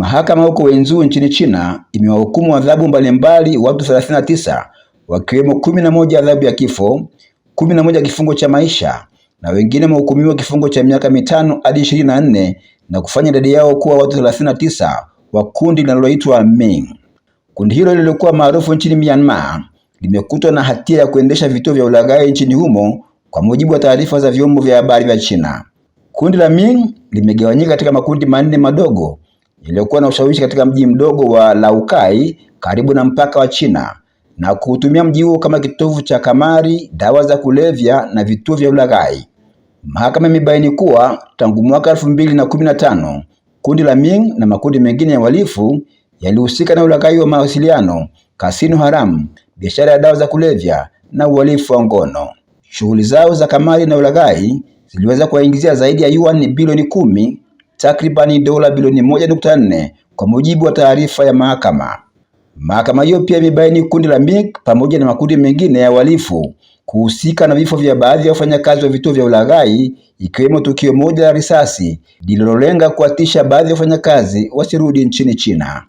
Mahakama huko Wenzhou nchini China imewahukumu adhabu mbalimbali watu 39 wakiwemo kumi na moja adhabu ya kifo, kumi na moja kifungo cha maisha na wengine wamehukumiwa kifungo cha miaka mitano hadi ishirini na nne na kufanya idadi yao kuwa watu 39 wa kundi linaloitwa Ming. Kundi hilo lililokuwa maarufu nchini Myanmar limekutwa na hatia ya kuendesha vituo vya ulaghai nchini humo kwa mujibu wa taarifa za vyombo vya habari vya China. Kundi la Ming limegawanyika katika makundi manne madogo iliyokuwa na ushawishi katika mji mdogo wa Laukai karibu na mpaka wa China na kuutumia mji huo kama kitovu cha kamari, dawa za kulevya na vituo vya ulaghai. Mahakama imebaini kuwa tangu mwaka elfu mbili na kumi na tano kundi la Ming na makundi mengine ya uhalifu yalihusika na ulaghai wa mawasiliano, kasino haramu, biashara ya dawa za kulevya na uhalifu wa ngono. Shughuli zao za kamari na ulaghai ziliweza kuwaingizia zaidi ya yuan bilioni kumi takribani dola bilioni moja nukta nne kwa mujibu wa taarifa ya mahakama. Mahakama hiyo pia imebaini kundi la MIC pamoja na makundi mengine ya uhalifu kuhusika na vifo vya baadhi ya wafanyakazi wa vituo vya ulaghai, ikiwemo tukio moja la risasi lililolenga kuatisha baadhi ya wafanyakazi wasirudi nchini China.